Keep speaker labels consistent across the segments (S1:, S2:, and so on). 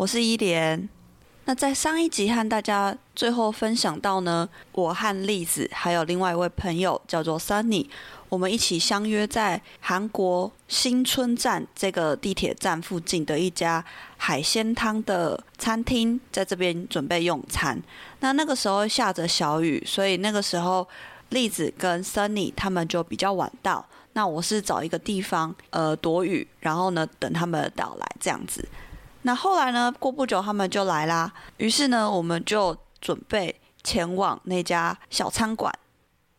S1: 我是伊蓮。那在上一集和大家最後分享到呢，我和栗子還有另外一位朋友叫做 Sunny，我們一起相約在韓國新村站這個地鐵站附近的一家海鮮湯的餐廳，在這邊準備用餐。那那個時候下着小雨，所以那個時候栗子跟 Sunny 他們就比較晚到。那我是找一個地方呃躲雨，然後呢等他們到來這樣子。那後來呢，過不久他們就來啦。於是呢，我們就準備前往那家小餐館。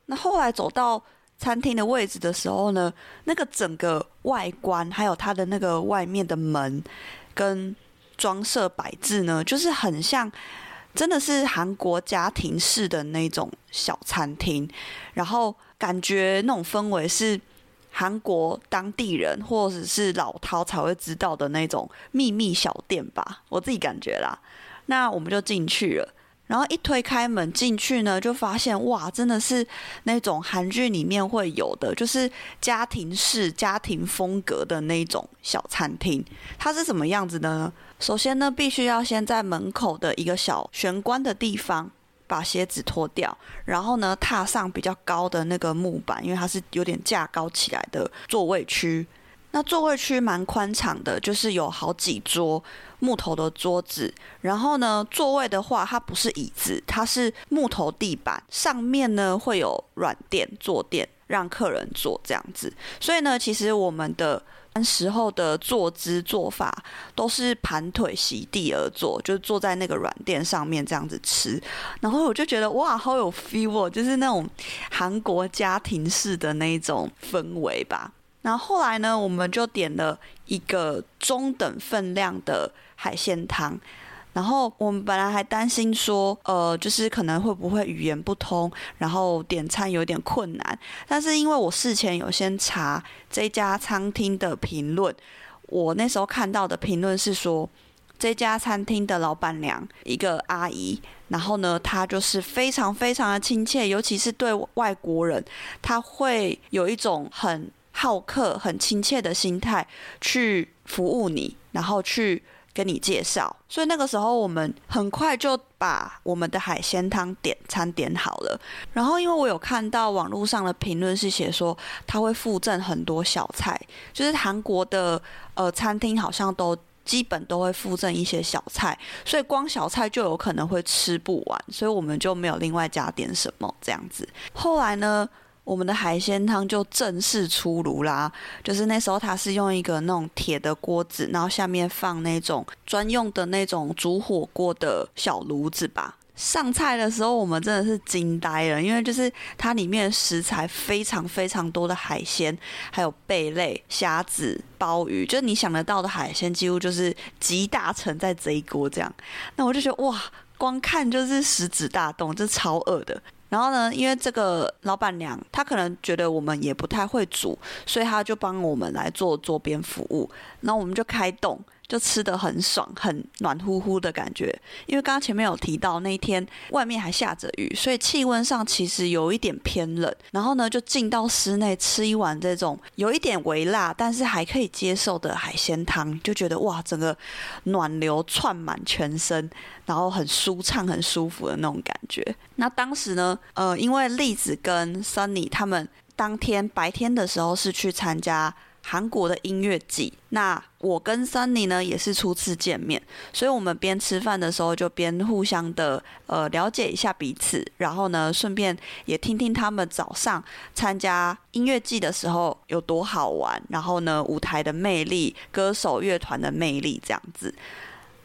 S1: 那後來走到餐廳的位置的時候呢，那個整個外觀，還有它的那個外面的門跟裝設擺置呢，就是很像，真的是韓國家庭式的那種小餐廳。然後感覺那種氛圍是，韓國當地人或者是老饕才會知道的那種秘密小店吧，我自己感覺啦。那我們就進去了，然後一推開門進去呢，就發現哇，真的是那種韓劇裡面會有的，就是家庭式、家庭風格的那種小餐廳。它是什麼樣子呢？首先呢，必須要先在門口的一個小玄關的地方。把鞋子脫掉，然後呢踏上比較高的那個木板，因為它是有點架高起來的座位區。那座位區蠻寬敞的，就是有好幾桌木頭的桌子。然後呢，座位的話，它不是椅子，它是木頭地板，上面呢會有軟墊坐墊讓客人坐這樣子。所以呢，其實我們的，時候的坐姿做法都是盤腿席地而坐，就坐在那個軟墊上面這樣子吃，然後我就覺得哇，好有 feel 哦，就是那種韓國家庭式的那種氛圍吧。然後後來呢，我們就點了一個中等分量的海鮮湯。然後我們本來還擔心說，呃，就是可能會不會語言不通，然後點餐有點困難。但是因為我事前有先查這家餐廳的評論，我那時候看到的評論是說，這家餐廳的老闆娘一個阿姨，然後呢，她就是非常非常的親切，尤其是對外國人，她會有一種很好客、很親切的心態去服務你，然後去。跟你介紹，所以那個時候我們很快就把我們的海鮮湯點餐點好了。然後因為我有看到網絡上的評論是寫說，它會附贈很多小菜，就是韓國的呃餐廳好像都基本都會附贈一些小菜，所以光小菜就有可能會吃不完，所以我們就沒有另外加點什麼這樣子。後來呢，我們的海鮮湯就正式出爐啦！就是那時候，它是用一個那種鐵的鍋子，然後下面放那種專用的那種煮火鍋的小爐子吧。上菜的時候，我們真的是驚呆了，因為就是它裡面食材非常非常多的海鮮，還有貝類、蝦子、鮑魚，就是你想得到的海鮮，幾乎就是集大成在這一鍋這樣。那我就覺得哇，光看就是食指大動，這超餓的。然後呢，因為這個老闆娘她可能覺得我們也不太會煮，所以她就幫我們來做桌邊服務，那我們就開動。就吃得很爽，很暖乎乎的感覺。因為剛剛前面有提到，那一天外面還下着雨，所以氣溫上其實有一點偏冷。然後呢，就進到室內吃一碗這種有一點微辣，但是還可以接受的海鮮湯，就覺得哇，整個暖流竄滿全身，然後很舒暢、很舒服的那種感覺。那當時呢，呃，因為栗子跟 Sunny 他們當天白天的時候是去參加。韓國的音樂季，那我跟三妮呢也是初次見面，所以我們邊吃飯的時候就邊互相的呃了解一下彼此，然後呢順便也聽聽他們早上參加音樂季的時候有多好玩，然後呢舞台的魅力、歌手樂團的魅力這樣子。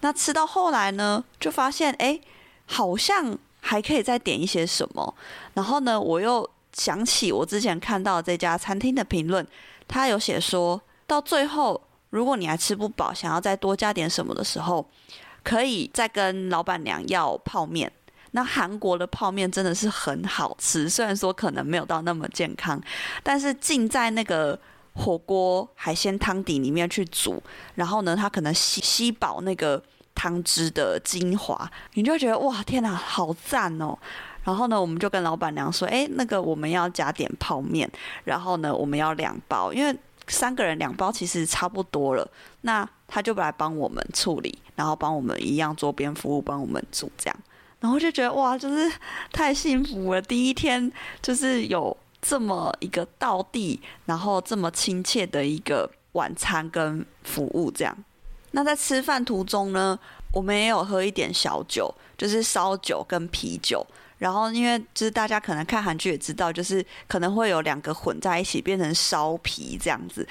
S1: 那吃到後來呢，就發現哎、欸，好像還可以再點一些什麼，然後呢我又想起我之前看到這家餐廳的評論。他有寫說，到最後如果你還吃不飽，想要再多加點什麼的時候，可以再跟老板娘要泡面。那韓國的泡面真的是很好吃，雖然說可能沒有到那麼健康，但是浸在那個火鍋海鮮湯底裡面去煮，然後呢，他可能吸吸飽那個湯汁的精華，你就會覺得哇，天哪、啊，好讚哦！然後呢，我們就跟老闆娘說：“哎，那個我們要加點泡麵，然後呢，我們要兩包，因為三個人兩包其實差不多了。”那他就來幫我們處理，然後幫我們一樣桌邊服務，幫我們煮這樣。然後就覺得哇，就是太幸福了！第一天就是有這麼一個道地，然後這麼親切的一個晚餐跟服務這樣。那在吃飯途中呢，我們也有喝一點小酒，就是燒酒跟啤酒。然後，因為就是大家可能看韓劇也知道，就是可能會有兩個混在一起變成燒皮這樣子。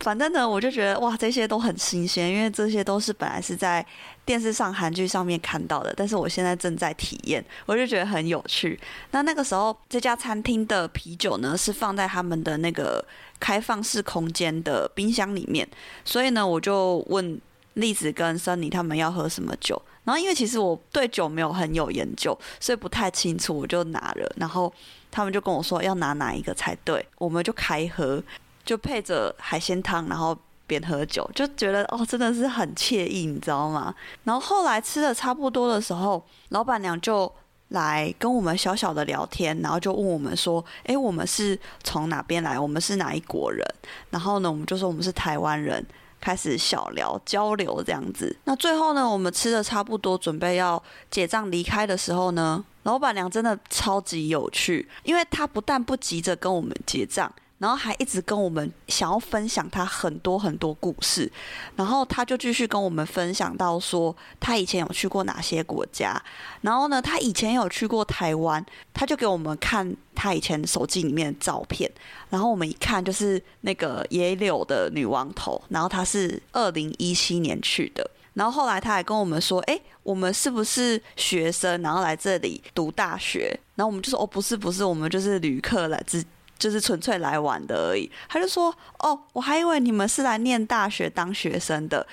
S1: 反正呢，我就覺得哇，這些都很新鮮，因為這些都是本來是在電視上韓劇上面看到的，但是我現在正在體驗，我就覺得很有趣。那那個時候，這家餐廳的啤酒呢是放在他們的那個開放式空間的冰箱裡面，所以呢，我就問。栗子跟森尼他們要喝什麼酒，然後因為其實我對酒沒有很有研究，所以不太清楚，我就拿了。然後他們就跟我說要拿哪一個才對，我們就開喝，就配着海鮮湯，然後邊喝酒就覺得哦，真的是很愜意，你知道嗎？然後後來吃的差不多的時候，老闆娘就來跟我們小小的聊天，然後就問我們說：“欸，我們是從哪邊來？我們是哪一國人？”然後呢，我們就說我們是台灣人。開始小聊交流這樣子，那最後呢，我們吃的差不多，準備要結賬離開的時候呢，老闆娘真的超級有趣，因為她不但不急着跟我們結賬。然後還一直跟我們想要分享他很多很多故事，然後他就繼續跟我們分享到說，他以前有去過哪些國家，然後呢，他以前有去過台灣，他就給我們看他以前手機裡面的照片，然後我們一看就是那個野柳的女王頭，然後他是二零一七年去的，然後後來他還跟我們說，哎，我們是不是學生，然後來這裡讀大學？然後我們就說，哦，不是不是，我們就是旅客來自就是純粹來玩的而已，他就說：“哦，我還以為你們是來念大學當學生的，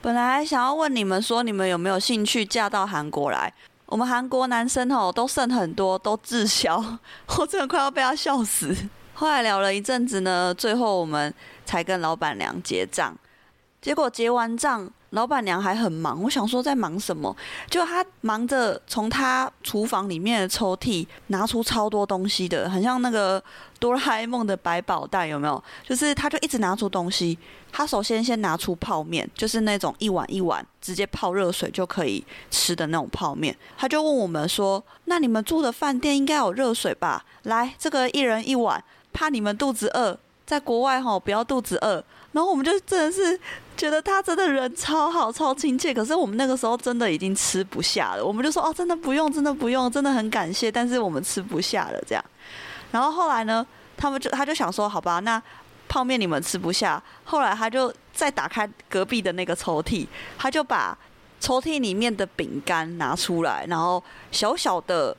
S1: 本來想要問你們說你們有沒有興趣嫁到韓國來，我們韓國男生哦都剩很多都滯銷，我真的快要被他笑死。”後來聊了一陣子呢，最後我們才跟老板娘結賬，結果結完賬。老板娘還很忙，我想說在忙什麼？就她忙着從她廚房裡面的抽屜拿出超多東西的，很像那個哆啦 A 夢的百寶袋，有沒有？就是她就一直拿出東西。她首先先拿出泡麵，就是那種一碗一碗直接泡熱水就可以吃的那種泡面。她就問我們說：“那你們住的飯店應該有熱水吧？來，這個一人一碗，怕你們肚子餓，在國外吼、哦、不要肚子餓。”然後我們就真的是。覺得他真的人超好、超親切，可是我們那個時候真的已經吃不下了，我們就說哦，真的不用，真的不用，真的很感謝，但是我們吃不下了這樣。然後後來呢，他們就他就想說，好吧，那泡面你們吃不下。後來他就再打開隔壁的那個抽屜，他就把抽屜裡面的餅乾拿出來，然後小小的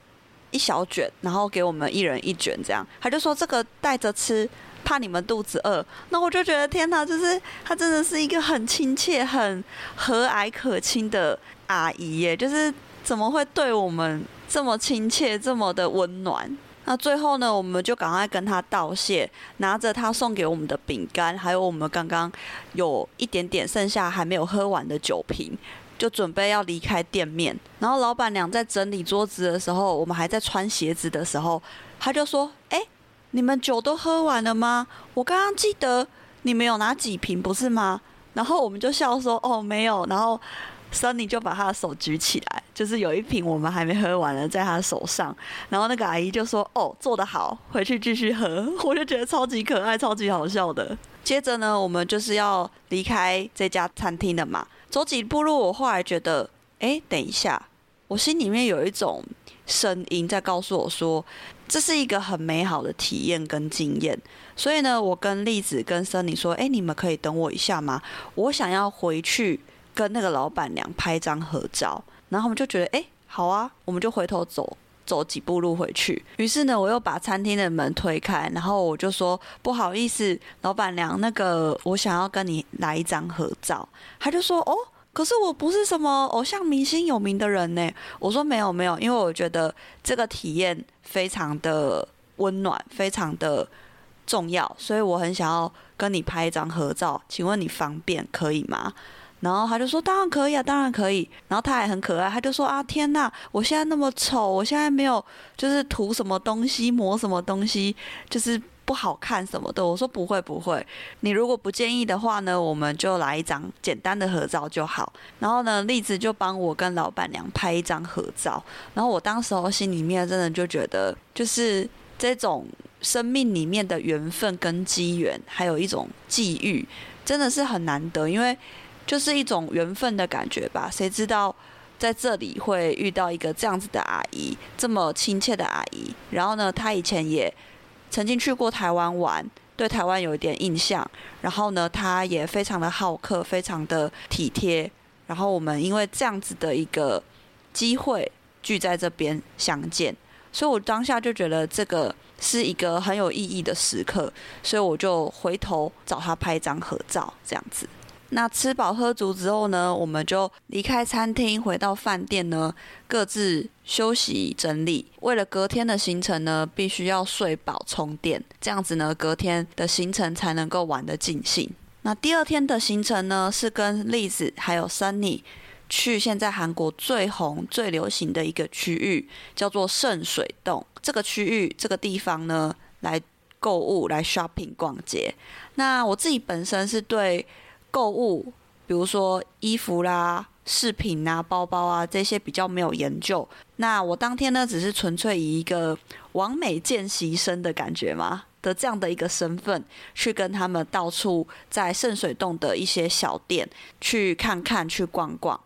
S1: 一小卷，然後給我們一人一卷這樣。他就說這個帶着吃。怕你們肚子餓，那我就覺得天哪，就是他真的是一個很親切、很和藹可親的阿姨耶，就是怎麼會對我們這麼親切、這麼的溫暖？那最後呢，我們就趕快跟他道謝，拿着他送給我們的餅乾，還有我們剛剛有一點點剩下還沒有喝完的酒瓶，就準備要離開店面。然後老闆娘在整理桌子的時候，我們還在穿鞋子的時候，她就說：“哎。”你們酒都喝完了嗎？我剛剛記得你們有拿幾瓶，不是嗎？然後我們就笑說：“哦，沒有。”然後 Sunny 就把他的手舉起來，就是有一瓶我們還沒喝完了，在他手上。然後那個阿姨就說：“哦，做得好，回去繼續喝。”我就覺得超級可愛，超級好笑的。接着呢，我們就是要離開這家餐廳的嘛。走幾步路，我後來覺得，哎、欸，等一下，我心裡面有一種聲音在告訴我說。這是一個很美好的體驗跟經驗，所以呢，我跟栗子跟森林說：“哎、欸，你們可以等我一下嗎？我想要回去跟那個老闆娘拍張合照。”然後我們就覺得：“哎、欸，好啊，我們就回頭走走幾步路回去。”於是呢，我又把餐廳的門推開，然後我就說：“不好意思，老闆娘，那個我想要跟你來一張合照。”他就說：“哦，可是我不是什麼偶像明星有名的人呢。”我說：“沒有沒有，因為我覺得這個體驗。”非常的溫暖，非常的重要，所以我很想要跟你拍一張合照，請問你方便可以嗎？然後他就說，當然可以啊，當然可以。然後他還很可愛，他就說啊，天吶，我現在那麼醜，我現在沒有就是塗什麼東西，抹什麼東西，就是。不好看什麼的，我說不會不會，你如果不介意的話呢，我們就來一張簡單的合照就好。然後呢，栗子就幫我跟老闆娘拍一張合照。然後我當時候心裡面真的就覺得，就是這種生命裡面的緣分跟機緣，還有一種際遇，真的是很難得，因為就是一種緣分的感覺吧。誰知道在這裡會遇到一個這樣子的阿姨，這麼親切的阿姨。然後呢，她以前也。曾經去過台灣玩，對台灣有一點印象。然後呢，他也非常的好客，非常的體貼。然後我們因為這樣子的一個機會聚在這邊相見，所以我當下就覺得這個是一個很有意義的時刻，所以我就回頭找他拍一張合照，這樣子。那吃飽喝足之後呢，我們就離開餐廳，回到飯店呢，各自休息整理。為了隔天的行程呢，必須要睡飽充電，這樣子呢，隔天的行程才能夠玩得盡興。那第二天的行程呢，是跟栗子還有 Sunny 去現在韓國最紅最流行的一個區域，叫做聖水洞。這個區域這個地方呢，來購物來 shopping 逛街。那我自己本身是對。購物，比如說衣服啦、啊、飾品啊、包包啊這些比較沒有研究。那我當天呢，只是純粹以一個網美見習生的感覺嘛的這樣的一個身份，去跟他們到處在聖水洞的一些小店去看看、去逛逛。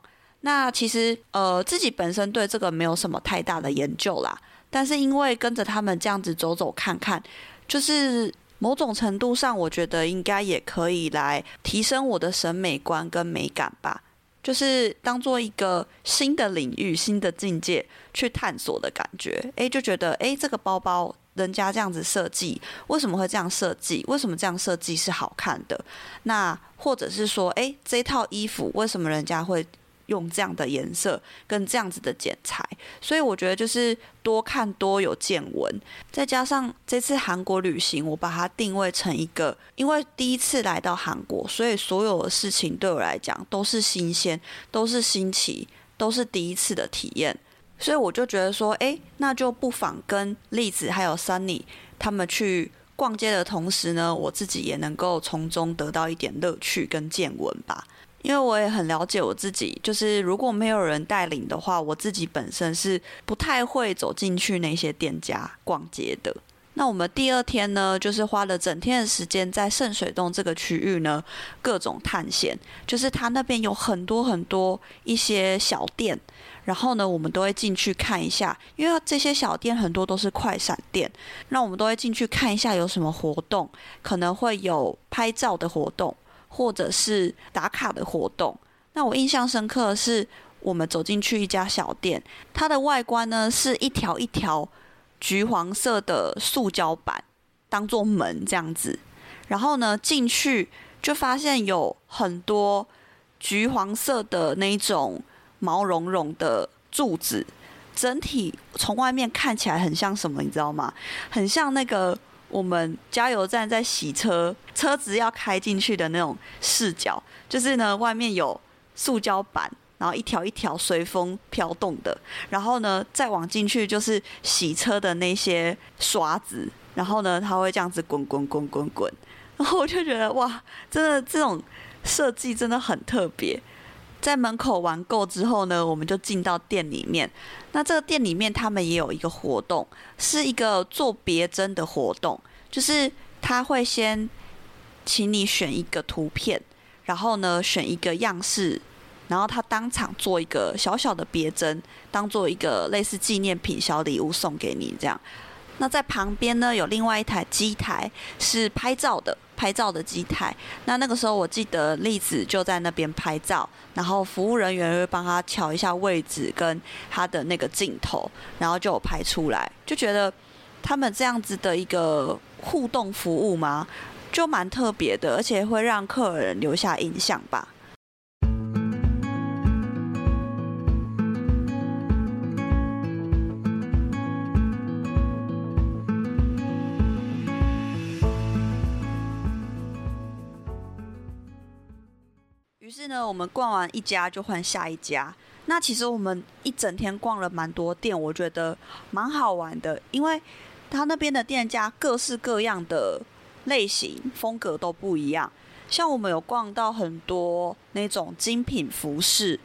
S1: 那其實呃，自己本身對這個沒有什麼太大的研究啦，但是因為跟着他們這樣子走走看看，就是。某種程度上，我覺得應該也可以來提升我的審美觀跟美感吧，就是當做一個新的領域、新的境界去探索的感覺。誒，就覺得誒，這個包包人家這樣子設計，為什麼會這樣設計？為什麼這樣設計是好看的？那或者是說，誒，這套衣服為什麼人家會？用這樣的顏色跟這樣子的剪裁，所以我覺得就是多看多有見聞。再加上這次韓國旅行，我把它定位成一個，因為第一次來到韓國，所以所有的事情對我來講都是新鮮，都是新奇，都是第一次的體驗。所以我就覺得說，誒、欸，那就不妨跟例子還有三 u 他們去逛街的同時呢，我自己也能夠從中得到一點樂趣跟見聞吧。因為我也很了解我自己，就是如果沒有人帶領的話，我自己本身是不太會走進去那些店家逛街的。那我們第二天呢，就是花了整天的時間在聖水洞這個區域呢，各種探險。就是它那邊有很多很多一些小店，然後呢，我們都會進去看一下，因為這些小店很多都是快閃店，那我們都會進去看一下有什麼活動，可能會有拍照的活動。或者是打卡的活動，那我印象深刻的是我們走進去一家小店，它的外觀呢，是一條一條橘黃色的塑膠板當做門這樣子，然後呢，進去就發現有很多橘黃色的那種毛茸茸的柱子，整體從外面看起來很像什麼，你知道嗎？很像那個。我們加油站在洗車，車子要開進去的那種視角，就是呢，外面有塑膠板，然後一條一條隨風飄動的，然後呢，再往進去就是洗車的那些刷子，然後呢，它會這樣子滾滾滾滾滾滾，然後我就覺得哇，真的這種設計真的很特別。在門口玩夠之後呢，我們就進到店裡面。那這個店裡面他們也有一個活動，是一個做別針的活動，就是他會先請你選一個圖片，然後呢選一個樣式，然後他當場做一個小小的別針，當做一個類似紀念品小禮物送給你。這樣，那在旁邊呢有另外一台機台是拍照的。拍照的機台，那那個時候我記得麗子就在那邊拍照，然後服務人員會幫他喬一下位置跟他的那個鏡頭，然後就有拍出來，就覺得他們這樣子的一個互動服務嘛，就蠻特別的，而且會讓客人留下印象吧。現在呢，我們逛完一家就換下一家。那其實我們一整天逛了蠻多店，我覺得蠻好玩的，因為他那邊的店家各式各樣的類型、風格都不一樣。像我們有逛到很多那種精品服飾，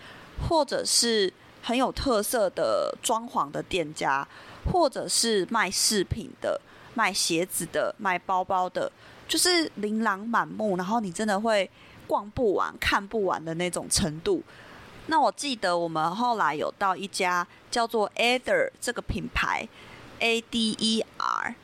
S1: 或者是很有特色的裝潢的店家，或者是賣飾品的、賣鞋子的、賣包包的，就是琳琅滿目。然後你真的會。逛不完，看不完的那種程度。那我記得我們後來有到一家叫做 Ader 這個品牌，A D E R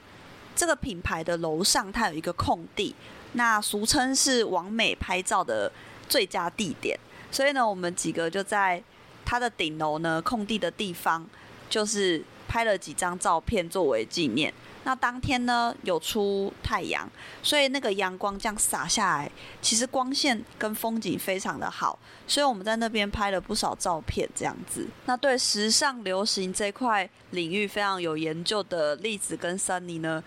S1: 這個品牌的樓上，它有一個空地，那俗稱是網美拍照的最佳地點。所以呢，我們幾個就在它的頂樓呢，空地的地方，就是拍了幾張照片作為紀念。那當天呢有出太陽，所以那個陽光這樣灑下來，其實光線跟風景非常的好，所以我們在那邊拍了不少照片這樣子。那對時尚流行這塊領域非常有研究的例子跟珊妮呢，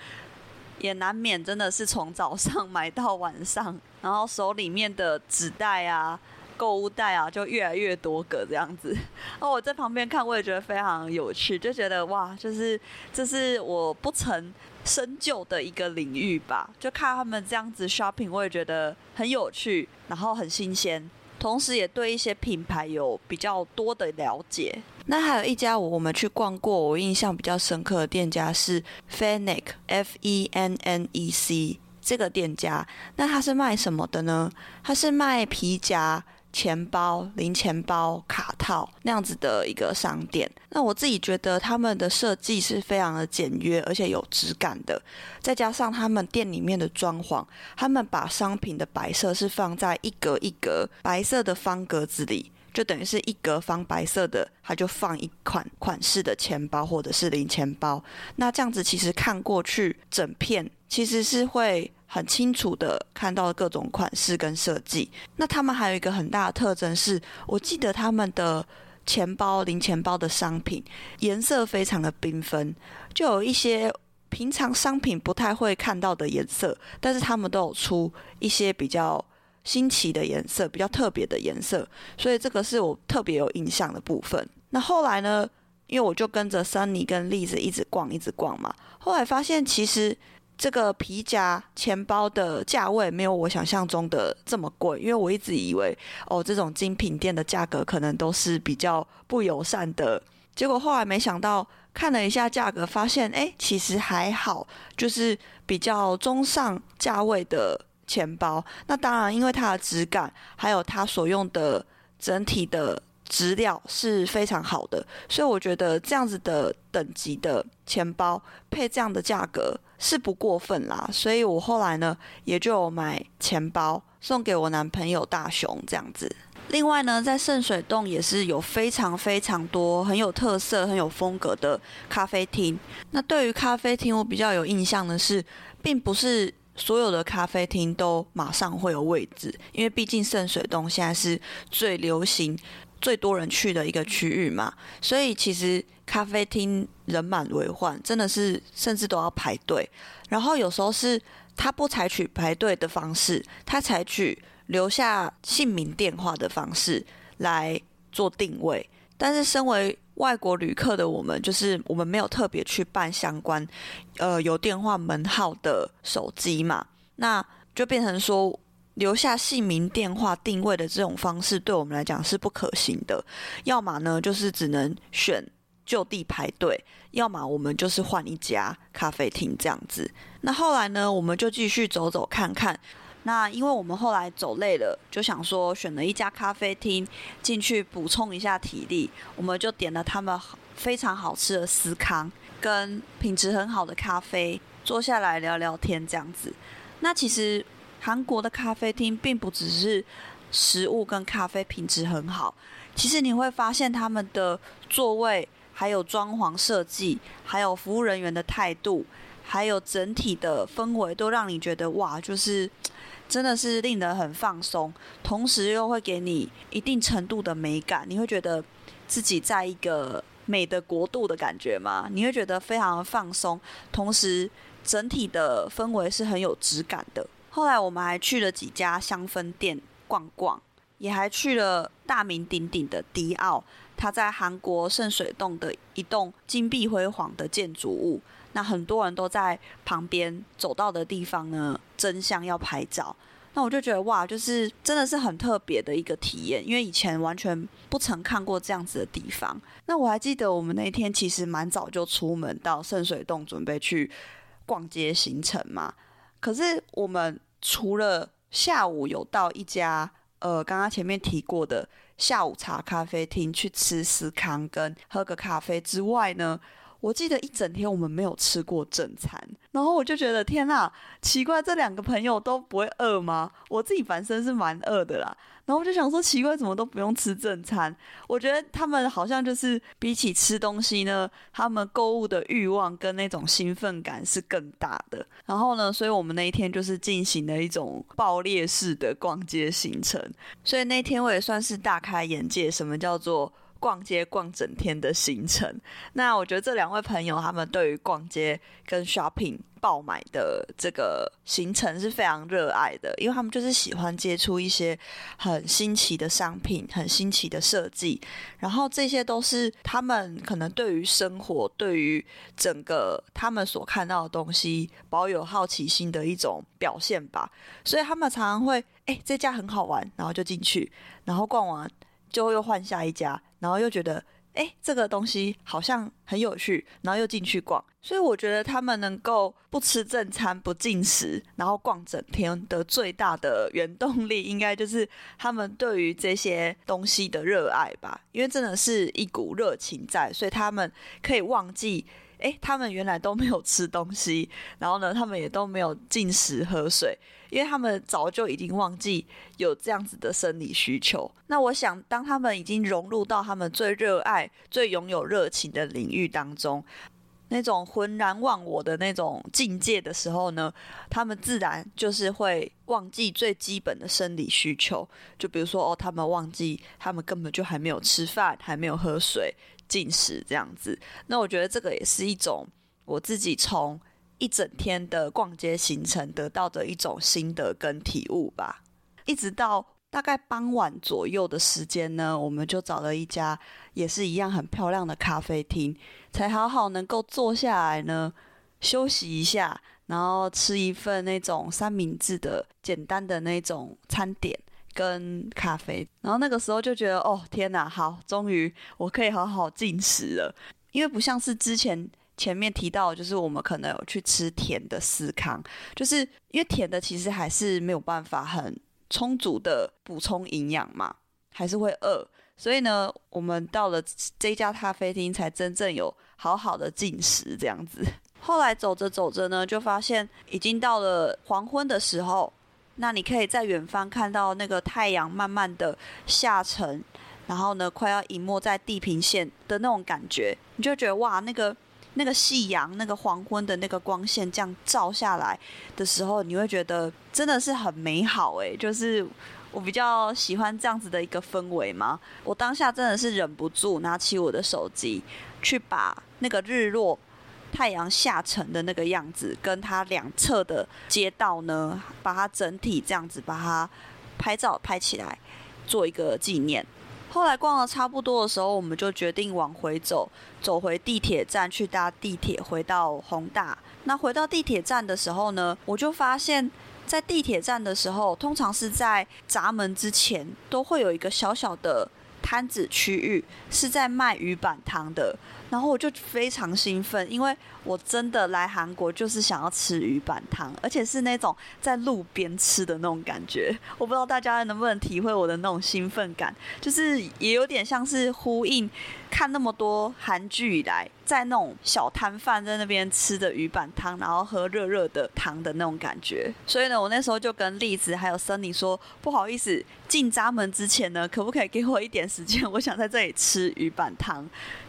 S1: 也難免真的是從早上買到晚上，然後手裡面的紙袋啊。購物袋啊，就越來越多個這樣子。哦， 然後我在旁邊看，我也覺得非常有趣，就覺得哇，就是這是我不曾深究的一個領域吧。就看他們這樣子 shopping，我也覺得很有趣，然後很新鮮，同時也對一些品牌有比較多的了解。那還有一家我們去逛過，我印象比較深刻的店家是 Fennec F E N N E C 這個店家。那他是賣什麼的呢？他是賣皮夾。錢包、零錢包、卡套那樣子的一個商店，那我自己覺得他們的設計是非常的簡約，而且有質感的。再加上他們店裡面的裝潢，他們把商品的白色是放在一格一格白色的方格子裡，就等於是一格方白色的，它就放一款款式的錢包或者是零錢包。那這樣子其實看過去整片。其實是會很清楚地看到各種款式跟設計。那他們還有一個很大的特徵是，我記得他們的錢包、零錢包的商品顏色非常的繽紛，就有一些平常商品不太會看到的顏色，但是他們都有出一些比較新奇的顏色、比較特別的顏色。所以這個是我特別有印象的部分。那後來呢，因為我就跟着桑妮跟栗子一直逛，一直逛嘛，後來發現其實。這個皮夾錢包的價位沒有我想象中的這麼貴，因為我一直以為哦，這種精品店的價格可能都是比較不友善的。結果後來沒想到，看了一下價格，發現誒，其實還好，就是比較中上價位的錢包。那當然，因為它的質感還有它所用的整體的質料是非常好的，所以我覺得這樣子的等級的錢包配這樣的價格。是不過分啦，所以我後來呢也就有買錢包送給我男朋友大雄這樣子。另外呢，在聖水洞也是有非常非常多很有特色、很有風格的咖啡廳。那對於咖啡廳，我比較有印象的是，並不是所有的咖啡廳都馬上會有位置，因為畢竟聖水洞現在是最流行。最多人去的一個區域嘛，所以其實咖啡廳人滿為患，真的是甚至都要排隊。然後有時候是他不採取排隊的方式，他採取留下姓名電話的方式來做訂位。但是身為外國旅客的我們，就是我們沒有特別去辦相關，呃，有電話門號的手機嘛，那就變成說。留下姓名、電話、定位的這種方式，對我們來講是不可行的。要麼呢，就是只能選就地排隊；要麼我們就是換一家咖啡廳這樣子。那後來呢，我們就繼續走走看看。那因為我們後來走累了，就想說，選了一家咖啡廳進去補充一下體力。我們就點了他們非常好吃的司康跟品質很好的咖啡，坐下來聊聊天這樣子。那其實。韓國的咖啡廳並不只是食物跟咖啡品質很好，其實你會發現他們的座位、還有裝潢設計、還有服務人員的態度、還有整體的氛圍，都讓你覺得哇，就是真的是令人很放鬆，同時又會給你一定程度的美感。你會覺得自己在一個美的國度的感覺嗎？你會覺得非常的放鬆，同時整體的氛圍是很有質感的。後來我們還去了幾家香氛店逛逛，也還去了大名鼎鼎的迪奧，他在韓國聖水洞的一棟金碧輝煌的建築物，那很多人都在旁邊走到的地方呢，爭相要拍照。那我就覺得哇，就是真的是很特別的一個體驗，因為以前完全不曾看過這樣子的地方。那我還記得我們那天其實蠻早就出門到聖水洞，準備去逛街行程嘛。可是我們除了下午有到一家呃剛剛前面提過的下午茶咖啡廳去吃司康跟喝個咖啡之外呢，我記得一整天我們沒有吃過正餐，然後我就覺得天哪，奇怪，這兩個朋友都不會餓嗎？我自己本身是蠻餓的啦，然後我就想說，奇怪，怎麼都不用吃正餐？我覺得他們好像就是比起吃東西呢，他們購物的慾望跟那種興奮感是更大的。然後呢，所以我們那一天就是進行了一種爆裂式的逛街行程，所以那天我也算是大開眼界，什麼叫做，逛街逛整天的行程，那我覺得這兩位朋友他們對於逛街跟 shopping 爆買的這個行程是非常熱愛的，因為他們就是喜歡接觸一些很新奇的商品、很新奇的設計，然後這些都是他們可能對於生活、對於整個他們所看到的東西保有好奇心的一種表現吧。所以他們常常會，哎、欸，這家很好玩，然後就進去，然後逛完。就又換下一家，然後又覺得，誒，這個東西好像很有趣，然後又進去逛。所以我覺得他們能夠不吃正餐、不進食，然後逛整天的最大的原動力，應該就是他們對於這些東西的熱愛吧。因為真的是一股熱情在，所以他們可以忘記。誒、欸，他們原來都沒有吃東西，然後呢，他們也都沒有進食喝水，因為他們早就已經忘記有這樣子的生理需求。那我想，當他們已經融入到他們最熱愛、最擁有熱情的領域當中，那種渾然忘我的那種境界的時候呢，他們自然就是會忘記最基本的生理需求。就比如說，哦，他們忘記他們根本就還沒有吃飯，還沒有喝水。進食這樣子，那我覺得這個也是一種我自己從一整天的逛街行程得到的一種心得跟體悟吧。一直到大概傍晚左右的時間呢，我們就找了一家也是一樣很漂亮的咖啡廳，才好好能夠坐下來呢，休息一下，然後吃一份那種三明治的簡單的那種餐點。跟咖啡，然後那個時候就覺得，哦天吶，好，終於我可以好好進食了，因為不像是之前前面提到，就是我們可能有去吃甜的司康，就是因為甜的其實還是沒有辦法很充足的補充營養嘛，還是會餓，所以呢，我們到了這家咖啡廳才真正有好好的進食這樣子。後來走着走着呢，就發現已經到了黃昏的時候。那你可以在遠方看到那個太陽慢慢的下沉，然後呢，快要隱沒在地平線的那種感覺，你就覺得哇，那個那個夕陽、那個黃昏的那個光線這樣照下來的時候，你會覺得真的是很美好哎、欸，就是我比較喜歡這樣子的一個氛圍嘛。我當下真的是忍不住拿起我的手機去把那個日落。太陽下沉的那個樣子，跟它兩側的街道呢，把它整體這樣子把它拍照拍起來，做一個紀念。後來逛了差不多的時候，我們就決定往回走，走回地鐵站去搭地鐵回到弘大。那回到地鐵站的時候呢，我就發現，在地鐵站的時候，通常是在閘門之前都會有一個小小的。攤子區域是在賣魚板湯的，然後我就非常興奮，因為我真的來韓國就是想要吃魚板湯，而且是那種在路邊吃的那種感覺。我不知道大家能不能體會我的那種興奮感，就是也有點像是呼應。看那麼多韓劇以來，在那種小攤販在那邊吃的魚板湯，然後喝熱熱的湯的那種感覺。所以呢，我那時候就跟栗子還有森妮說：“不好意思，進閘門之前呢，可不可以給我一點時間？我想在這裡吃魚板湯，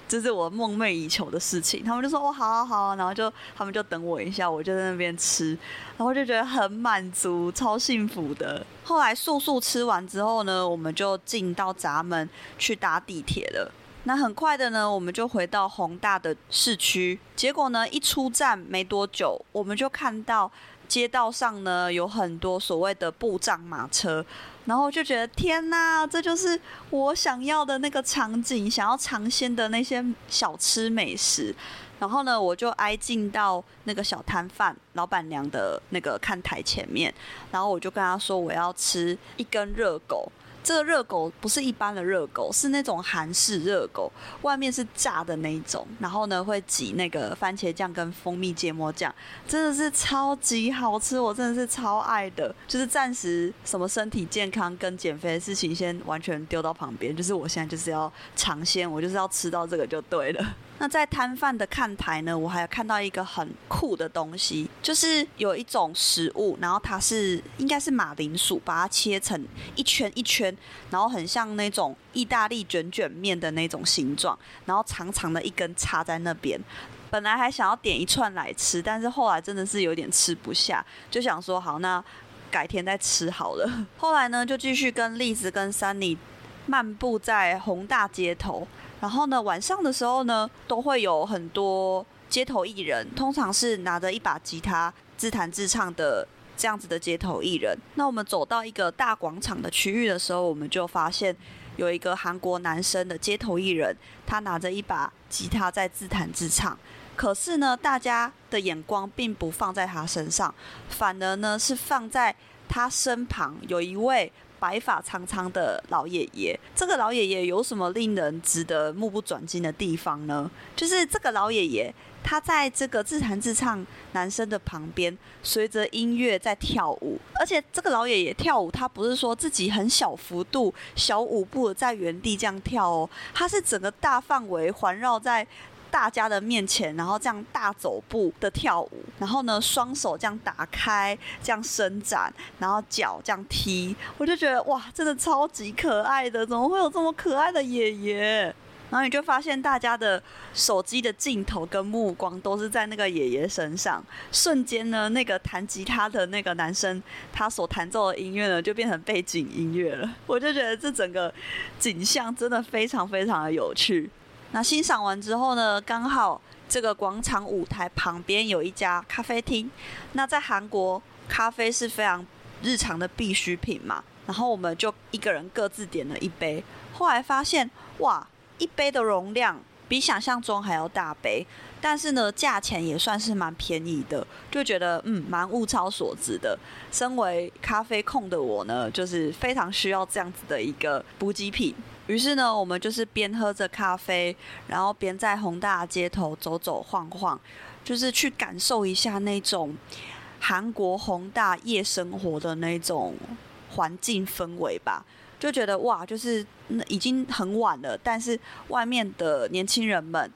S1: 這是我夢寐以求的事情。”他們就說：“哦，好，好，好。”然後就他們就等我一下，我就在那邊吃，然後就覺得很滿足，超幸福的。後來速速吃完之後呢，我們就進到閘門去搭地鐵了。那很快的呢，我們就回到弘大的市區。結果呢，一出站沒多久，我們就看到街道上呢有很多所謂的布帳馬車，然後就覺得天哪、啊，這就是我想要的那個場景，想要嘗鮮的那些小吃美食。然後呢，我就挨近到那個小攤販老板娘的那個看台前面，然後我就跟他說，我要吃一根熱狗。這個熱狗不是一般的熱狗，是那種韓式熱狗，外面是炸的那一種，然後呢會擠那個番茄醬跟蜂蜜芥末醬，真的是超級好吃，我真的是超愛的。就是暫時什麼身體健康跟減肥的事情先完全丟到旁邊，就是我現在就是要嘗鮮，我就是要吃到這個就對了。那在攤販的看台呢，我還有看到一個很酷的東西，就是有一種食物，然後它是應該是馬鈴薯，把它切成一圈一圈，然後很像那種意大利卷卷麵的那種形狀，然後長長的一根插在那邊。本來還想要點一串來吃，但是後來真的是有點吃不下，就想說好，那改天再吃好了。後來呢，就繼續跟栗子跟 Sunny 漫步在弘大街頭。然後呢，晚上的時候呢，都會有很多街頭藝人，通常是拿着一把吉他自彈自唱的這樣子的街頭藝人。那我們走到一個大廣場的區域的時候，我們就發現有一個韓國男生的街頭藝人，他拿着一把吉他在自彈自唱。可是呢，大家的眼光並不放在他身上，反而呢是放在他身旁有一位。白髮蒼蒼的老爺爺，這個老爺爺有什麼令人值得目不轉睛的地方呢？就是這個老爺爺，他在這個自彈自唱男生的旁邊，隨着音樂在跳舞。而且這個老爺爺跳舞，他不是說自己很小幅度、小舞步在原地這樣跳哦，他是整個大範圍環繞在。大家的面前，然後這樣大走步的跳舞，然後呢，雙手這樣打開，這樣伸展，然後腳這樣踢，我就覺得哇，真的超級可愛的，怎麼會有這麼可愛的爺爺？然後你就發現大家的手機的鏡頭跟目光都是在那個爺爺身上，瞬間呢，那個彈吉他的那個男生，他所彈奏的音樂呢，就變成背景音樂了。我就覺得這整個景象真的非常非常的有趣。那欣賞完之後呢，剛好這個廣場舞台旁邊有一家咖啡廳。那在韓國，咖啡是非常日常的必需品嘛。然後我們就一個人各自點了一杯。後來發現，哇，一杯的容量比想象中還要大杯，但是呢，價錢也算是蠻便宜的，就覺得嗯，蠻物超所值的。身為咖啡控的我呢，就是非常需要這樣子的一個補給品。於是呢，我們就是邊喝着咖啡，然後邊在弘大街頭走走晃晃，就是去感受一下那種韓國弘大夜生活的那種環境氛圍吧。就覺得哇，就是、嗯、已經很晚了，但是外面的年輕人們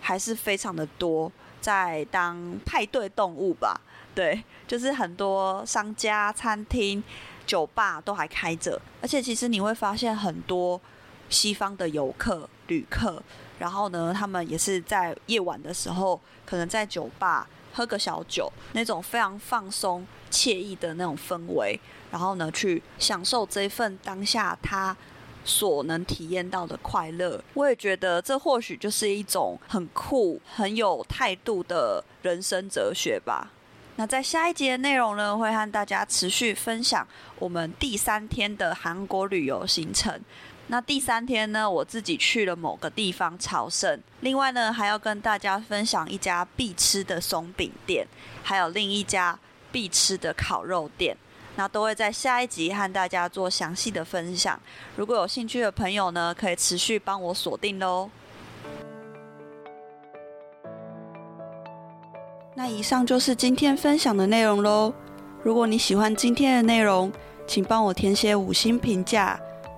S1: 還是非常的多，在當派對動物吧。對，就是很多商家、餐廳、酒吧都還開着，而且其實你會發現很多。西方的遊客、旅客，然後呢，他們也是在夜晚的時候，可能在酒吧喝個小酒，那種非常放鬆、愜意的那種氛圍，然後呢，去享受這份當下他所能體驗到的快樂。我也覺得這或許就是一種很酷、很有態度的人生哲學吧。那在下一節的內容呢，我會和大家持續分享我們第三天的韓國旅遊行程。那第三天呢，我自己去了某個地方朝聖。另外呢，還要跟大家分享一家必吃的鬆餅店，還有另一家必吃的烤肉店。那都會在下一集和大家做詳細的分享。如果有興趣的朋友呢，可以持續幫我鎖定嘍。那以上就是今天分享的內容嘍。如果你喜歡今天的內容，請幫我填寫五星評價。